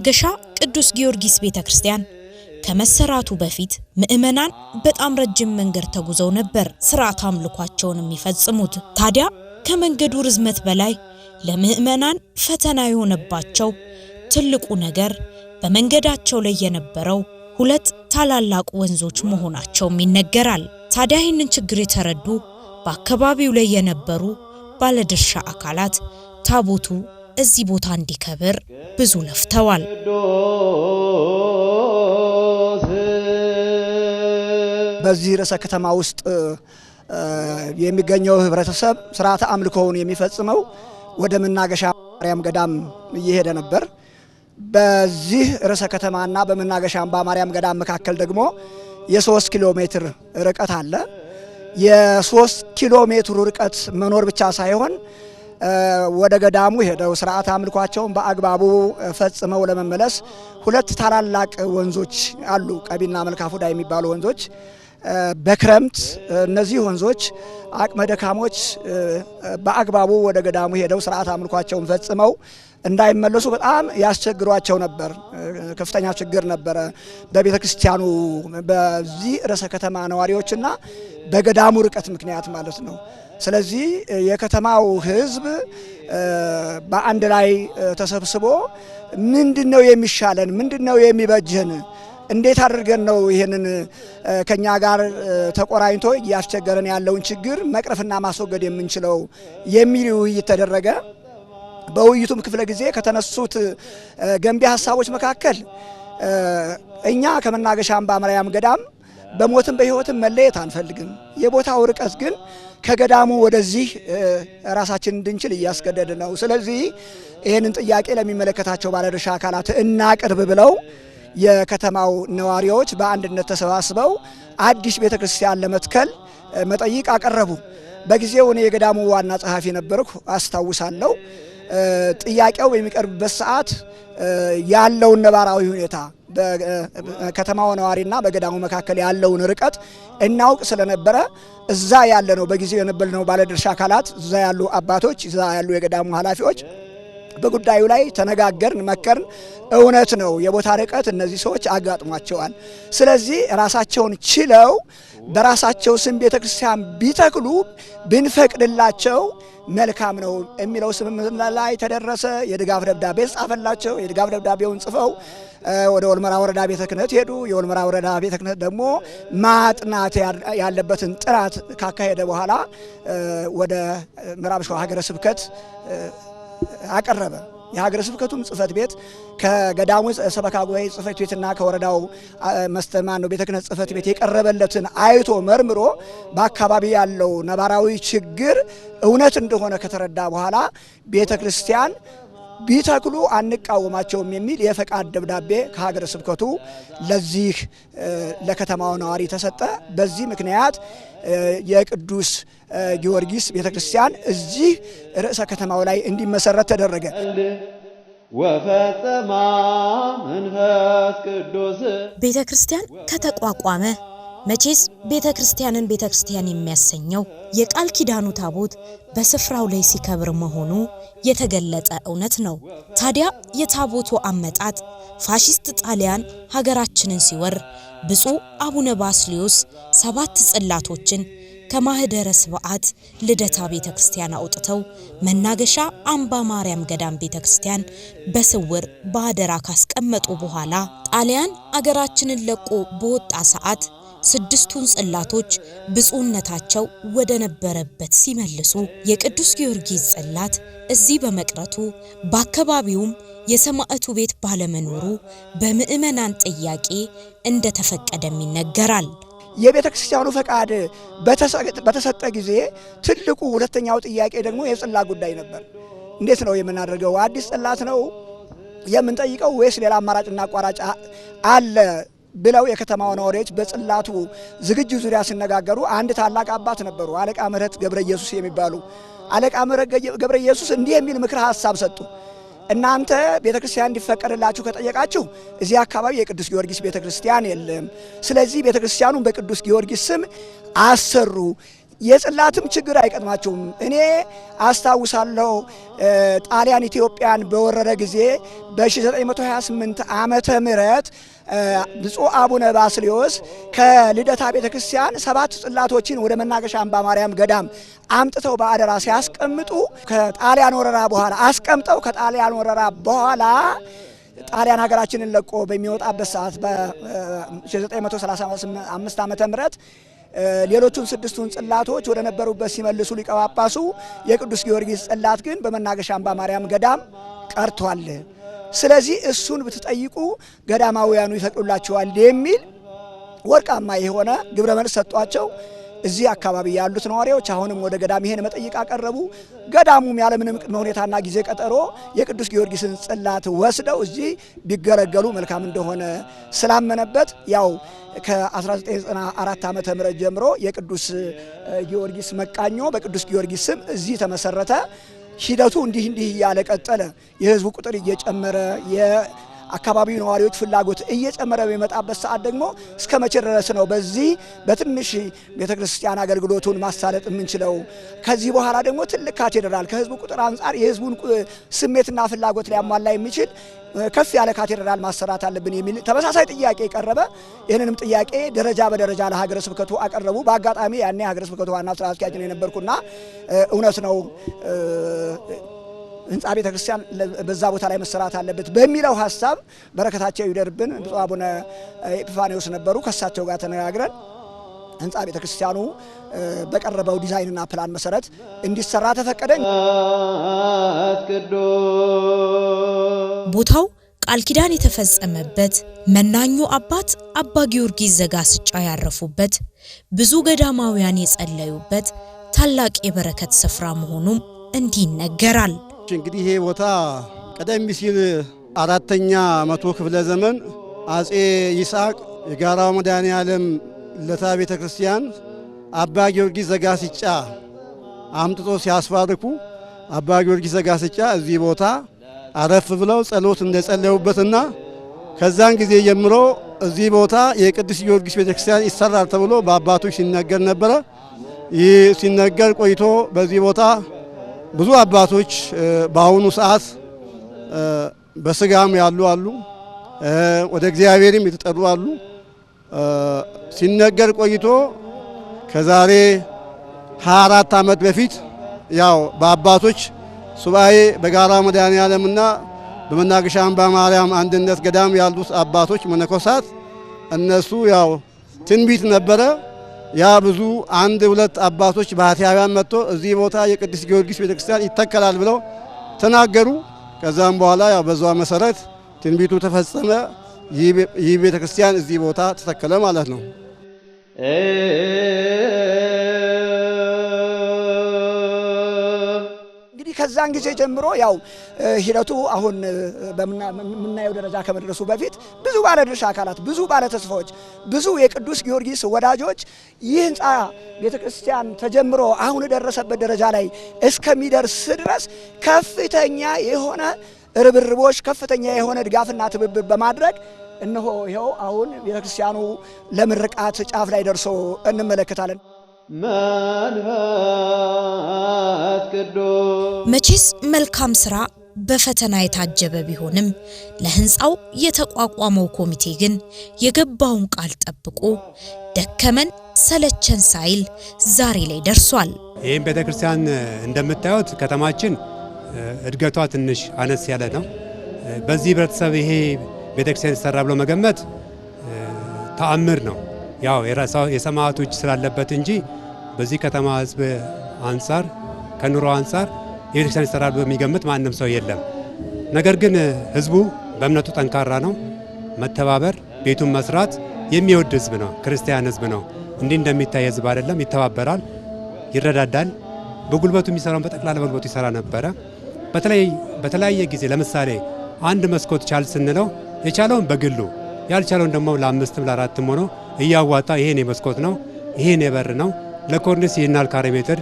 ማገሻ ቅዱስ ጊዮርጊስ ቤተ ክርስቲያን ከመሰራቱ በፊት ምዕመናን በጣም ረጅም መንገድ ተጉዘው ነበር ስርዓት አምልኳቸውን የሚፈጽሙት። ታዲያ ከመንገዱ ርዝመት በላይ ለምዕመናን ፈተና የሆነባቸው ትልቁ ነገር በመንገዳቸው ላይ የነበረው ሁለት ታላላቅ ወንዞች መሆናቸውም ይነገራል። ታዲያ ይህንን ችግር የተረዱ በአካባቢው ላይ የነበሩ ባለድርሻ አካላት ታቦቱ እዚህ ቦታ እንዲከብር ብዙ ለፍተዋል። በዚህ ርዕሰ ከተማ ውስጥ የሚገኘው ህብረተሰብ ስርዓተ አምልኮውን የሚፈጽመው ወደ መናገሻ ማርያም ገዳም እየሄደ ነበር። በዚህ ርዕሰ ከተማና በመናገሻ አምባ ማርያም ገዳም መካከል ደግሞ የሶስት ኪሎ ሜትር ርቀት አለ። የሶስት ኪሎ ሜትሩ ርቀት መኖር ብቻ ሳይሆን ወደ ገዳሙ ሄደው ስርዓት አምልኳቸውን በአግባቡ ፈጽመው ለመመለስ ሁለት ታላላቅ ወንዞች አሉ፣ ቀቢና መልካፉዳ የሚባሉ ወንዞች በክረምት እነዚህ ወንዞች አቅመ ደካሞች በአግባቡ ወደ ገዳሙ ሄደው ስርዓት አምልኳቸውን ፈጽመው እንዳይመለሱ በጣም ያስቸግሯቸው ነበር። ከፍተኛ ችግር ነበረ በቤተ ክርስቲያኑ በዚህ ርዕሰ ከተማ ነዋሪዎችና በገዳሙ ርቀት ምክንያት ማለት ነው። ስለዚህ የከተማው ህዝብ በአንድ ላይ ተሰብስቦ ምንድን ነው የሚሻለን? ምንድን ነው የሚበጀን? እንዴት አድርገን ነው ይህንን ከኛ ጋር ተቆራኝቶ እያስቸገረን ያለውን ችግር መቅረፍና ማስወገድ የምንችለው የሚል ውይይት ተደረገ። በውይይቱም ክፍለ ጊዜ ከተነሱት ገንቢ ሀሳቦች መካከል እኛ ከመናገሻ አምባ ማርያም ገዳም በሞትም በህይወትም መለየት አንፈልግም። የቦታው ርቀት ግን ከገዳሙ ወደዚህ ራሳችን እንድንችል እያስገደድ ነው። ስለዚህ ይህንን ጥያቄ ለሚመለከታቸው ባለድርሻ አካላት እናቅርብ ብለው የከተማው ነዋሪዎች በአንድነት ተሰባስበው አዲስ ቤተ ክርስቲያን ለመትከል መጠይቅ አቀረቡ። በጊዜው እኔ የገዳሙ ዋና ጸሐፊ ነበርኩ አስታውሳለሁ። ጥያቄው በሚቀርብበት ሰዓት ያለውን ነባራዊ ሁኔታ በከተማው ነዋሪና በገዳሙ መካከል ያለውን ርቀት እናውቅ ስለነበረ እዛ ያለ ነው በጊዜው የነበልነው ባለድርሻ አካላት እዛ ያሉ አባቶች እዛ ያሉ የገዳሙ ኃላፊዎች በጉዳዩ ላይ ተነጋገርን፣ መከርን። እውነት ነው የቦታ ርቀት እነዚህ ሰዎች አጋጥሟቸዋል። ስለዚህ ራሳቸውን ችለው በራሳቸው ስም ቤተ ክርስቲያን ቢተክሉ ብንፈቅድላቸው መልካም ነው የሚለው ስምምነት ላይ ተደረሰ። የድጋፍ ደብዳቤ ጻፈላቸው። የድጋፍ ደብዳቤውን ጽፈው ወደ ወልመራ ወረዳ ቤተ ክህነት ሄዱ። የወልመራ ወረዳ ቤተ ክህነት ደግሞ ማጥናት ያለበትን ጥናት ካካሄደ በኋላ ወደ ምዕራብ ሸዋ ሀገረ ስብከት አቀረበ። የሀገረ ስብከቱም ጽሕፈት ቤት ከገዳሙ ሰበካ ጉባኤ ጽሕፈት ቤትና ከወረዳው መስተማ ነው ቤተ ክህነት ጽሕፈት ቤት የቀረበለትን አይቶ መርምሮ በአካባቢ ያለው ነባራዊ ችግር እውነት እንደሆነ ከተረዳ በኋላ ቤተ ክርስቲያን ቢተክሉ አንቃወማቸውም የሚል የፈቃድ ደብዳቤ ከሀገረ ስብከቱ ለዚህ ለከተማው ነዋሪ ተሰጠ። በዚህ ምክንያት የቅዱስ ጊዮርጊስ ቤተ ክርስቲያን እዚህ ርዕሰ ከተማው ላይ እንዲመሰረት ተደረገ። ወፈጸማ መንፈስ ቅዱስ ቤተ ክርስቲያን ከተቋቋመ መቼስ ቤተ ክርስቲያንን ቤተ ክርስቲያን የሚያሰኘው የቃል ኪዳኑ ታቦት በስፍራው ላይ ሲከብር መሆኑ የተገለጠ እውነት ነው። ታዲያ የታቦቱ አመጣጥ ፋሺስት ጣሊያን ሀገራችንን ሲወር ብፁዕ አቡነ ባስልዮስ ሰባት ጽላቶችን ከማህደረ ስብዓት ልደታ ቤተ ክርስቲያን አውጥተው መናገሻ አምባ ማርያም ገዳም ቤተ ክርስቲያን በስውር በአደራ ካስቀመጡ በኋላ ጣሊያን አገራችንን ለቆ በወጣ ሰዓት ስድስቱን ጽላቶች ብፁዕነታቸው ወደ ነበረበት ሲመልሱ የቅዱስ ጊዮርጊስ ጽላት እዚህ በመቅረቱ በአካባቢውም የሰማዕቱ ቤት ባለመኖሩ በምዕመናን ጥያቄ እንደተፈቀደም ይነገራል። የቤተ ክርስቲያኑ ፈቃድ በተሰጠ ጊዜ ትልቁ ሁለተኛው ጥያቄ ደግሞ የጽላት ጉዳይ ነበር። እንዴት ነው የምናደርገው? አዲስ ጽላት ነው የምንጠይቀው ወይስ ሌላ አማራጭና አቋራጭ አለ ብለው የከተማው ነዋሪዎች በጽላቱ ዝግጅት ዙሪያ ሲነጋገሩ አንድ ታላቅ አባት ነበሩ፣ አለቃ ምህረት ገብረ ኢየሱስ የሚባሉ። አለቃ ምህረት ገብረ ኢየሱስ እንዲህ የሚል ምክረ ሀሳብ ሰጡ። እናንተ ቤተ ክርስቲያን እንዲፈቀድላችሁ ከጠየቃችሁ እዚህ አካባቢ የቅዱስ ጊዮርጊስ ቤተ ክርስቲያን የለም። ስለዚህ ቤተ ክርስቲያኑን በቅዱስ ጊዮርጊስ ስም አሰሩ። የጽላትም ችግር አይቀጥማቸውም። እኔ አስታውሳለሁ ጣሊያን ኢትዮጵያን በወረረ ጊዜ በ1928 ዓመተ ምህረት ብፁዕ አቡነ ባስልዮስ ከልደታ ቤተ ክርስቲያን ሰባት ጽላቶችን ወደ መናገሻ አምባ ማርያም ገዳም አምጥተው በአደራ ሲያስቀምጡ ከጣሊያን ወረራ በኋላ አስቀምጠው ከጣሊያን ወረራ በኋላ ጣሊያን ሀገራችንን ለቆ በሚወጣበት ሰዓት በ1935 ዓመተ ምህረት ሌሎቹን ስድስቱን ጽላቶች ወደ ነበሩበት ሲመልሱ ሊቀ ጳጳሱ የቅዱስ ጊዮርጊስ ጽላት ግን በመናገሻ አምባ ማርያም ገዳም ቀርቷል፣ ስለዚህ እሱን ብትጠይቁ ገዳማውያኑ ይፈቅዱላቸዋል የሚል ወርቃማ የሆነ ግብረ መልስ ሰጧቸው። እዚህ አካባቢ ያሉት ነዋሪዎች አሁንም ወደ ገዳም ይሄን መጠይቅ አቀረቡ። ገዳሙም ያለምንም ቅድመ ሁኔታና ጊዜ ቀጠሮ የቅዱስ ጊዮርጊስን ጽላት ወስደው እዚህ ቢገለገሉ መልካም እንደሆነ ስላመነበት ያው ከ1994 ዓ ም ጀምሮ የቅዱስ ጊዮርጊስ መቃኞ በቅዱስ ጊዮርጊስ ስም እዚህ ተመሰረተ። ሂደቱ እንዲህ እንዲህ እያለ ቀጠለ። የህዝቡ ቁጥር እየጨመረ አካባቢው ነዋሪዎች ፍላጎት እየጨመረ በሚመጣበት ሰዓት ደግሞ እስከ መቼ ድረስ ነው በዚህ በትንሽ ቤተ ክርስቲያን አገልግሎቱን ማሳለጥ የምንችለው? ከዚህ በኋላ ደግሞ ትልቅ ካቴድራል ከህዝቡ ቁጥር አንጻር የህዝቡን ስሜትና ፍላጎት ሊያሟላ የሚችል ከፍ ያለ ካቴድራል ማሰራት አለብን የሚል ተመሳሳይ ጥያቄ ቀረበ። ይህንንም ጥያቄ ደረጃ በደረጃ ለሀገረ ስብከቱ አቀረቡ። በአጋጣሚ ያኔ ሀገረ ስብከቱ ዋና ስራ አስኪያጅ ነው የነበርኩና እውነት ነው ህንፃ ቤተ ክርስቲያን በዛ ቦታ ላይ መሰራት አለበት በሚለው ሀሳብ በረከታቸው ይደርብን ብፁዕ አቡነ ኤጲፋኒዎስ ነበሩ። ከእሳቸው ጋር ተነጋግረን ህንፃ ቤተ ክርስቲያኑ በቀረበው ዲዛይንና ፕላን መሰረት እንዲሰራ ተፈቀደኝ ቦታው ቃል ኪዳን የተፈጸመበት መናኙ አባት አባ ጊዮርጊስ ዘጋስጫ ያረፉበት ብዙ ገዳማውያን የጸለዩበት ታላቅ የበረከት ስፍራ መሆኑም እንዲህ ይነገራል። እንግዲህ ይሄ ቦታ ቀደም ሲል አራተኛ መቶ ክፍለ ዘመን አጼ ይስሐቅ የጋራው መድኃኔ ዓለም ለታ ቤተ ክርስቲያን አባ ጊዮርጊስ ዘጋስጫ አምጥቶ ሲያስፋርኩ አባ ጊዮርጊስ ዘጋስጫ እዚህ ቦታ አረፍ ብለው ጸሎት እንደጸለዩበትና ከዛን ጊዜ ጀምሮ እዚህ ቦታ የቅዱስ ጊዮርጊስ ቤተክርስቲያን ይሰራል ተብሎ በአባቶች ሲነገር ነበረ። ይህ ሲነገር ቆይቶ በዚህ ቦታ ብዙ አባቶች በአሁኑ ሰዓት በስጋም ያሉ አሉ፣ ወደ እግዚአብሔርም የተጠሩ አሉ። ሲነገር ቆይቶ ከዛሬ 24 ዓመት በፊት ያው በአባቶች ሱባኤ በጋራ መድኃኔ ዓለምና በመናገሻ አምባ ማርያም አንድነት ገዳም ያሉት አባቶች መነኮሳት እነሱ ያው ትንቢት ነበረ ያ ብዙ አንድ ሁለት አባቶች ባህታውያን መጥቶ እዚህ ቦታ የቅዱስ ጊዮርጊስ ቤተክርስቲያን ይተከላል ብለው ተናገሩ። ከዛም በኋላ ያው በዛ መሰረት ትንቢቱ ተፈጸመ። ይህ ቤተክርስቲያን እዚህ ቦታ ተተከለ ማለት ነው። ከዛን ጊዜ ጀምሮ ያው ሂደቱ አሁን በምናየው ደረጃ ከመድረሱ በፊት ብዙ ባለድርሻ አካላት፣ ብዙ ባለተስፋዎች፣ ብዙ የቅዱስ ጊዮርጊስ ወዳጆች ይህ ህንፃ ቤተክርስቲያን ተጀምሮ አሁን የደረሰበት ደረጃ ላይ እስከሚደርስ ድረስ ከፍተኛ የሆነ ርብርቦች ከፍተኛ የሆነ ድጋፍና ትብብር በማድረግ እነሆ ይኸው አሁን ቤተክርስቲያኑ ለምርቃት ጫፍ ላይ ደርሶ እንመለከታለን። መንፈስ ቅዱስ። መቼስ መልካም ስራ በፈተና የታጀበ ቢሆንም ለህንፃው የተቋቋመው ኮሚቴ ግን የገባውን ቃል ጠብቆ ደከመን ሰለቸን ሳይል ዛሬ ላይ ደርሷል። ይህም ቤተ ክርስቲያን እንደምታዩት ከተማችን እድገቷ ትንሽ አነስ ያለ ነው። በዚህ ህብረተሰብ ይሄ ቤተ ክርስቲያን ይሰራ ብሎ መገመት ተአምር ነው። ያው የሰማዕቱ እጅ ስላለበት እንጂ በዚህ ከተማ ህዝብ አንጻር ከኑሮ አንጻር የቤተክርስቲያን ይሰራል በሚገምት ማንም ሰው የለም። ነገር ግን ህዝቡ በእምነቱ ጠንካራ ነው። መተባበር፣ ቤቱን መስራት የሚወድ ህዝብ ነው። ክርስቲያን ህዝብ ነው። እንዲህ እንደሚታይ ህዝብ አይደለም። ይተባበራል፣ ይረዳዳል። በጉልበቱ የሚሰራውን በጠቅላላ በጉልበቱ ይሰራ ነበረ። በተለያየ ጊዜ ለምሳሌ አንድ መስኮት ቻል ስንለው የቻለውን በግሉ ያልቻለውን ደግሞ ለአምስትም ለአራትም ሆኖ እያዋጣ ይሄን የመስኮት ነው ይሄን የበር ነው ለኮርኒስ ይህን ካሬ ሜትር፣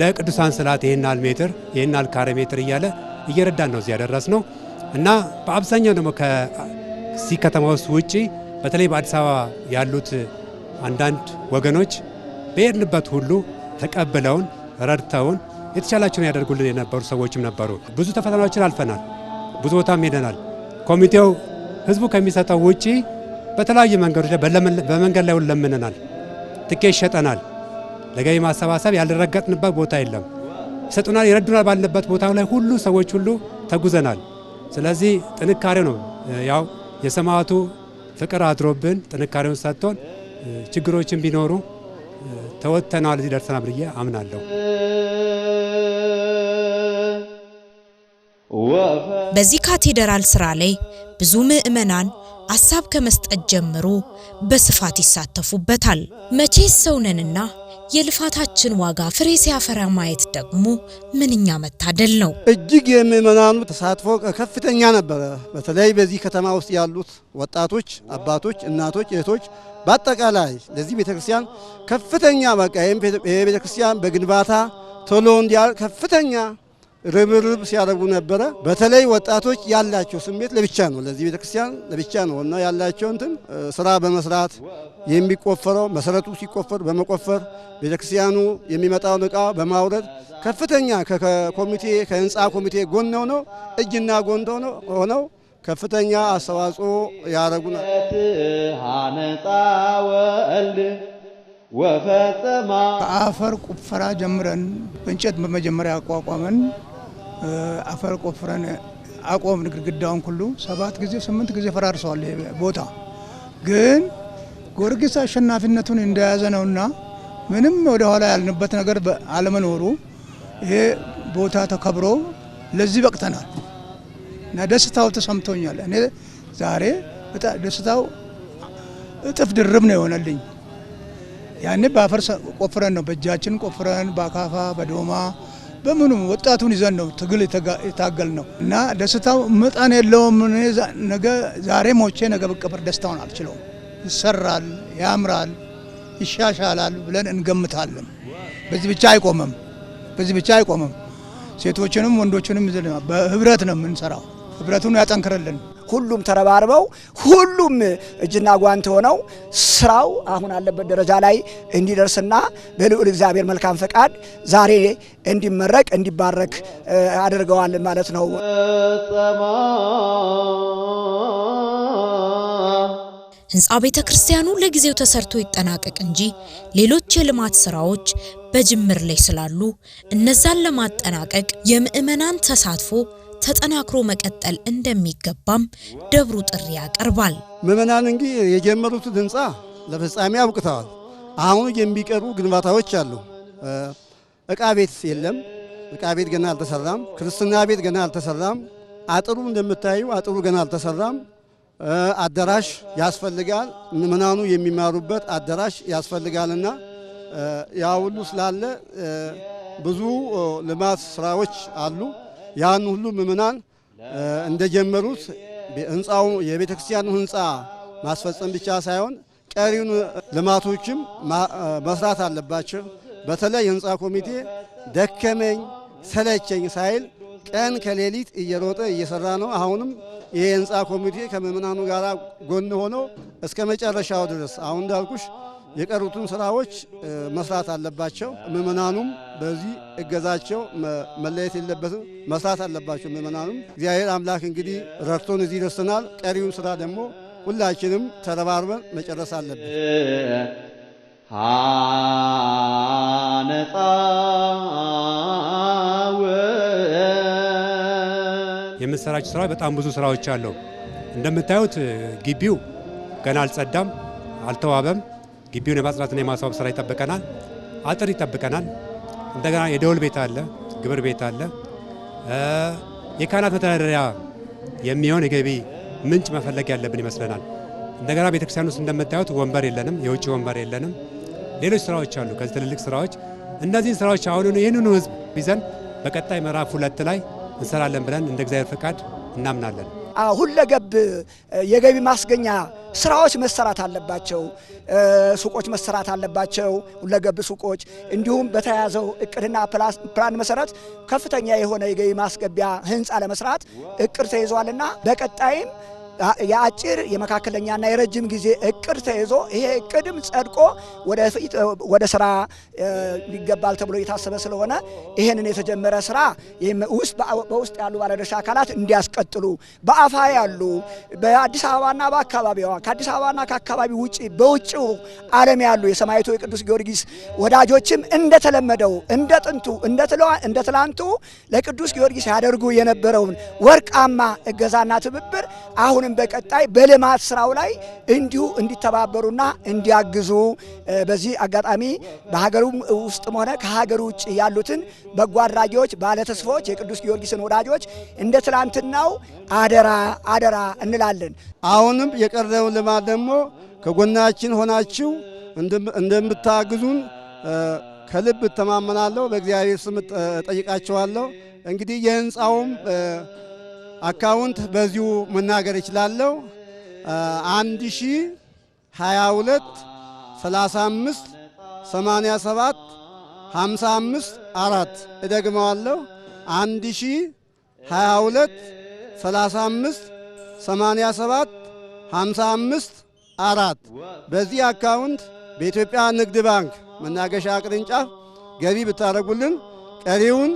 ለቅዱሳን ስላት ይህን ሜትር፣ ይህን ካሬ ሜትር እያለ እየረዳን ነው እዚህ ያደረስ ነው እና በአብዛኛው ደግሞ ከዚህ ከተማ ውስጥ ውጪ በተለይ በአዲስ አበባ ያሉት አንዳንድ ወገኖች በሄድንበት ሁሉ ተቀብለውን ረድተውን የተቻላቸውን ያደርጉልን የነበሩ ሰዎችም ነበሩ። ብዙ ተፈተናዎችን አልፈናል። ብዙ ቦታም ሄደናል። ኮሚቴው ህዝቡ ከሚሰጠው ውጪ በተለያዩ መንገዶች በመንገድ ላይ ለምንናል፣ ትኬት ሸጠናል። ለገቢ ማሰባሰብ ያልረገጥንበት ቦታ የለም። ይሰጡናል፣ ይረዱናል ባልንበት ቦታ ላይ ሁሉ ሰዎች ሁሉ ተጉዘናል። ስለዚህ ጥንካሬ ነው ያው የሰማዕቱ ፍቅር አድሮብን ጥንካሬውን ሰጥቶን ችግሮችን ቢኖሩ ተወጥተናል፣ እዚህ ደርሰናል ብዬ አምናለሁ። በዚህ ካቴድራል ስራ ላይ ብዙ ምዕመናን አሳብ ከመስጠት ጀምሮ በስፋት ይሳተፉበታል። መቼስ ሰውነንና የልፋታችን ዋጋ ፍሬ ሲያፈራ ማየት ደግሞ ምንኛ መታደል ነው። እጅግ የምእመናኑ ተሳትፎ ከፍተኛ ነበረ። በተለይ በዚህ ከተማ ውስጥ ያሉት ወጣቶች፣ አባቶች፣ እናቶች፣ እህቶች በአጠቃላይ ለዚህ ቤተክርስቲያን ከፍተኛ በቃ ይህ ቤተክርስቲያን በግንባታ ቶሎ እንዲያል ከፍተኛ ርብርብ ሲያደርጉ ነበረ። በተለይ ወጣቶች ያላቸው ስሜት ለብቻ ነው፣ ለዚህ ቤተክርስቲያን ለብቻ ነው እና ያላቸው እንትን ስራ በመስራት የሚቆፈረው መሰረቱ ሲቆፈር በመቆፈር ቤተክርስቲያኑ የሚመጣውን እቃ በማውረድ ከፍተኛ ከኮሚቴ ከህንፃ ኮሚቴ ጎን ነው እጅና ጎን ሆነው ከፍተኛ አስተዋጽኦ ያደረጉ ሐነፃ ወፈጸማ ከአፈር ቁፈራ ጀምረን በእንጨት በመጀመሪያ አቋቋመን አፈር ቆፍረን አቆምን ግድግዳውን ሁሉ ሰባት ጊዜ ስምንት ጊዜ ፈራርሰዋል። ቦታ ግን ጊዮርጊስ አሸናፊነቱን እንደያዘ ነውና ምንም ወደኋላ ያልንበት ነገር አለመኖሩ ይሄ ቦታ ተከብሮ ለዚህ በቅተናል እና ደስታው ተሰምቶኛል። እኔ ዛሬ ደስታው እጥፍ ድርብ ነው የሆነልኝ። ያኔ በአፈር ቆፍረን ነው በእጃችን ቆፍረን በአካፋ በዶማ በምኑ ወጣቱን ይዘን ነው ትግል የታገል ነው እና ደስታው መጠን የለውም። ነገ ዛሬ ሞቼ ነገ ብቀበር ደስታውን አልችለውም። ይሰራል፣ ያምራል፣ ይሻሻላል ብለን እንገምታለን። በዚህ ብቻ አይቆምም። በዚህ ብቻ አይቆምም። ሴቶችንም ወንዶችንም በህብረት ነው የምንሰራው። ህብረቱን ያጠንክርልን። ሁሉም ተረባርበው ሁሉም እጅና ጓንት ሆነው ስራው አሁን አለበት ደረጃ ላይ እንዲደርስና በልዑል እግዚአብሔር መልካም ፈቃድ ዛሬ እንዲመረቅ እንዲባረክ አድርገዋል ማለት ነው። ህንፃ ቤተ ክርስቲያኑ ለጊዜው ተሰርቶ ይጠናቀቅ እንጂ ሌሎች የልማት ስራዎች በጅምር ላይ ስላሉ እነዛን ለማጠናቀቅ የምእመናን ተሳትፎ ተጠናክሮ መቀጠል እንደሚገባም ደብሩ ጥሪ ያቀርባል። ምዕመናን እንግዲህ የጀመሩት ህንፃ ለፍጻሜ አውቅተዋል አሁን የሚቀሩ ግንባታዎች አሉ። እቃ ቤት የለም። እቃ ቤት ገና አልተሰራም። ክርስትና ቤት ገና አልተሰራም። አጥሩ እንደምታዩ አጥሩ ገና አልተሰራም። አዳራሽ ያስፈልጋል። ምዕመናኑ የሚማሩበት አዳራሽ ያስፈልጋልና ያ ሁሉ ስላለ ብዙ ልማት ስራዎች አሉ። ያን ሁሉ ምምናን እንደጀመሩት ህንፃው የቤተ ክርስቲያኑ ህንፃ ማስፈጸም ብቻ ሳይሆን ቀሪውን ልማቶችም መስራት አለባቸው። በተለይ ህንፃ ኮሚቴ ደከመኝ ሰለቸኝ ሳይል ቀን ከሌሊት እየሮጠ እየሰራ ነው። አሁንም ይህ ህንፃ ኮሚቴ ከምእምናኑ ጋር ጎን ሆኖ እስከ መጨረሻው ድረስ አሁን እንዳልኩሽ የቀሩትን ስራዎች መስራት አለባቸው። ምእመናኑም በዚህ እገዛቸው መለየት የለበትም፣ መስራት አለባቸው ምእመናኑም። እግዚአብሔር አምላክ እንግዲህ ረድቶን እዚህ ደርሰናል። ቀሪውን ስራ ደግሞ ሁላችንም ተረባርበን መጨረስ አለብን። የምንሰራቸው ስራ በጣም ብዙ ስራዎች አለው። እንደምታዩት ግቢው ገና አልጸዳም፣ አልተዋበም። ግቢውን የማጽዳትና የማስዋብ ስራ ይጠብቀናል። አጥር ይጠብቀናል። እንደገና የደወል ቤት አለ፣ ግብር ቤት አለ። የካህናት መተዳደሪያ የሚሆን የገቢ ምንጭ መፈለግ ያለብን ይመስለናል። እንደገና ቤተክርስቲያን ውስጥ እንደምታዩት ወንበር የለንም፣ የውጭ ወንበር የለንም። ሌሎች ስራዎች አሉ፣ ከዚህ ትልልቅ ስራዎች። እነዚህን ስራዎች አሁን ይህንኑ ህዝብ ይዘን በቀጣይ ምዕራፍ ሁለት ላይ እንሰራለን ብለን እንደ እግዚአብሔር ፈቃድ እናምናለን። ሁለገብ የገቢ ማስገኛ ስራዎች መሰራት አለባቸው። ሱቆች መሰራት አለባቸው፣ ሁለገብ ሱቆች። እንዲሁም በተያያዘው እቅድና ፕላን መሰረት ከፍተኛ የሆነ የገቢ ማስገቢያ ህንፃ ለመስራት እቅድ ተይዟልና በቀጣይም የአጭር የመካከለኛና የረጅም ጊዜ እቅድ ተይዞ ይሄ እቅድም ጸድቆ ወደ ስራ ይገባል ተብሎ የታሰበ ስለሆነ ይሄንን የተጀመረ ስራ በውስጥ ያሉ ባለድርሻ አካላት እንዲያስቀጥሉ በአፋ ያሉ በአዲስ አበባና በአካባቢዋ ከአዲስ አበባና ከአካባቢ ውጭ በውጭው ዓለም ያሉ የሰማዕቱ የቅዱስ ጊዮርጊስ ወዳጆችም እንደተለመደው እንደ ጥንቱ እንደ ትላንቱ ለቅዱስ ጊዮርጊስ ያደርጉ የነበረውን ወርቃማ እገዛና ትብብር አሁን አሁንም በቀጣይ በልማት ስራው ላይ እንዲሁ እንዲተባበሩና እንዲያግዙ በዚህ አጋጣሚ በሀገሩ ውስጥም ሆነ ከሀገር ውጭ ያሉትን በጎ አድራጊዎች፣ ባለተስፎች፣ የቅዱስ ጊዮርጊስን ወዳጆች እንደ ትላንትናው አደራ አደራ እንላለን። አሁንም የቀረው ልማት ደግሞ ከጎናችን ሆናችሁ እንደምታግዙን ከልብ እተማመናለሁ። በእግዚአብሔር ስም ጠይቃችኋለሁ። እንግዲህ የህንፃውም አካውንት በዚሁ መናገር ይችላለሁ። 1022 35 87 55 አራት እደግመዋለሁ። 1022 35 87 55 አራት በዚህ አካውንት በኢትዮጵያ ንግድ ባንክ መናገሻ ቅርንጫፍ ገቢ ብታደርጉልን ቀሪውን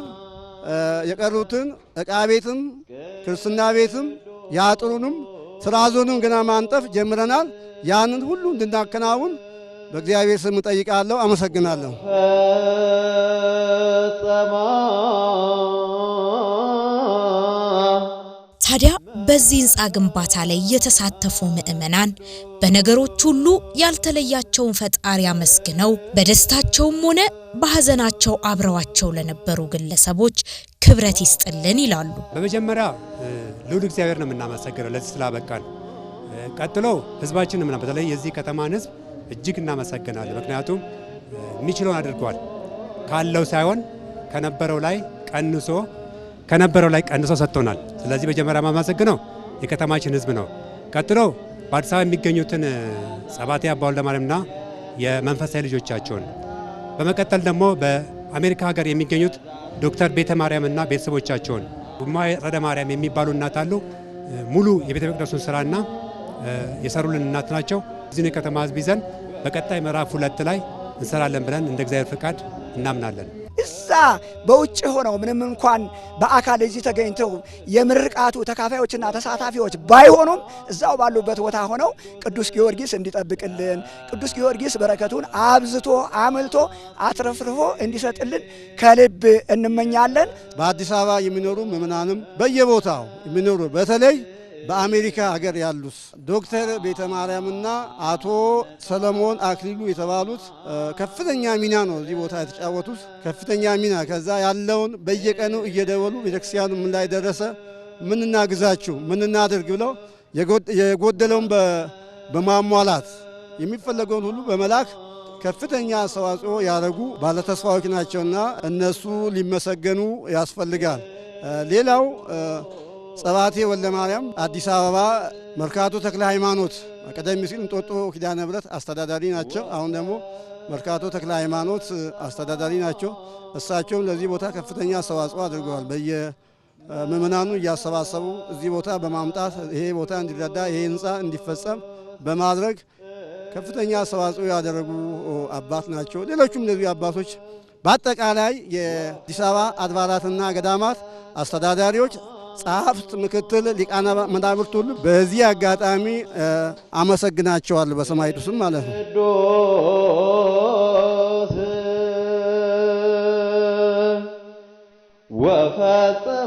የቀሩትን እቃ ቤትም ክርስትና ቤትም የአጥሩንም ስራዞንም ገና ማንጠፍ ጀምረናል። ያንን ሁሉ እንድናከናውን በእግዚአብሔር ስም እጠይቃለሁ። አመሰግናለሁ። ታዲያ በዚህ ህንፃ ግንባታ ላይ የተሳተፉ ምዕመናን በነገሮች ሁሉ ያልተለያቸውን ፈጣሪ አመስግነው በደስታቸውም ሆነ በሐዘናቸው አብረዋቸው ለነበሩ ግለሰቦች ክብረት ይስጥልን ይላሉ። በመጀመሪያ ልዑል እግዚአብሔር ነው የምናመሰግነው ለዚህ ስላበቃን። ቀጥሎ ህዝባችን ምና በተለይ የዚህ ከተማን ህዝብ እጅግ እናመሰግናለን። ምክንያቱም የሚችለውን አድርጓል። ካለው ሳይሆን ከነበረው ላይ ቀንሶ ከነበረው ላይ ቀንሶ ሰጥቶናል። ስለዚህ መጀመሪያ ማመሰግነው የከተማችን ህዝብ ነው። ቀጥሎ በአዲስ አበባ የሚገኙትን ጸባቴ አባ ወልደማርያምና የመንፈሳዊ ልጆቻቸውን፣ በመቀጠል ደግሞ በአሜሪካ ሀገር የሚገኙት ዶክተር ቤተ ማርያምና ቤተሰቦቻቸውን ጉማ ረደ ማርያም የሚባሉ እናት አሉ። ሙሉ የቤተ መቅደሱን ስራና የሰሩልን እናት ናቸው። እዚህን የከተማ ህዝብ ይዘን በቀጣይ ምዕራፍ ሁለት ላይ እንሰራለን ብለን እንደ እግዚአብሔር ፍቃድ እናምናለን። እዛ በውጭ ሆነው ምንም እንኳን በአካል እዚህ ተገኝተው የምርቃቱ ተካፋዮችና ተሳታፊዎች ባይሆኑም እዛው ባሉበት ቦታ ሆነው ቅዱስ ጊዮርጊስ እንዲጠብቅልን፣ ቅዱስ ጊዮርጊስ በረከቱን አብዝቶ አምልቶ አትረፍርፎ እንዲሰጥልን ከልብ እንመኛለን። በአዲስ አበባ የሚኖሩ ምዕመናንም በየቦታው የሚኖሩ በተለይ በአሜሪካ ሀገር ያሉት ዶክተር ቤተ ማርያምና አቶ ሰለሞን አክሊሉ የተባሉት ከፍተኛ ሚና ነው እዚህ ቦታ የተጫወቱት ከፍተኛ ሚና። ከዛ ያለውን በየቀኑ እየደወሉ ቤተክርስቲያኑ ምን ላይ ደረሰ፣ ምን እናግዛችሁ፣ ምን እናድርግ ብለው የጎደለውን በማሟላት የሚፈለገውን ሁሉ በመላክ ከፍተኛ አስተዋጽኦ ያደረጉ ባለተስፋዎች ናቸውና እነሱ ሊመሰገኑ ያስፈልጋል። ሌላው ጸባቴ ወልደ ማርያም አዲስ አበባ መርካቶ ተክለ ሃይማኖት ቀደም ሲል እንጦጦ ኪዳነ ምሕረት አስተዳዳሪ ናቸው። አሁን ደግሞ መርካቶ ተክለ ሃይማኖት አስተዳዳሪ ናቸው። እሳቸውም ለዚህ ቦታ ከፍተኛ አስተዋጽኦ አድርገዋል። በየምዕመናኑ እያሰባሰቡ እዚህ ቦታ በማምጣት ይሄ ቦታ እንዲረዳ ይሄ ህንፃ እንዲፈጸም በማድረግ ከፍተኛ አስተዋጽኦ ያደረጉ አባት ናቸው። ሌሎቹም እነዚህ አባቶች በአጠቃላይ የአዲስ አበባ አድባራትና ገዳማት አስተዳዳሪዎች ጸሐፍት፣ ምክትል ሊቃነ መዛሙርት ሁሉ በዚህ አጋጣሚ አመሰግናቸዋል በሰማይቱ ስም ማለት ነው። ወፈጸ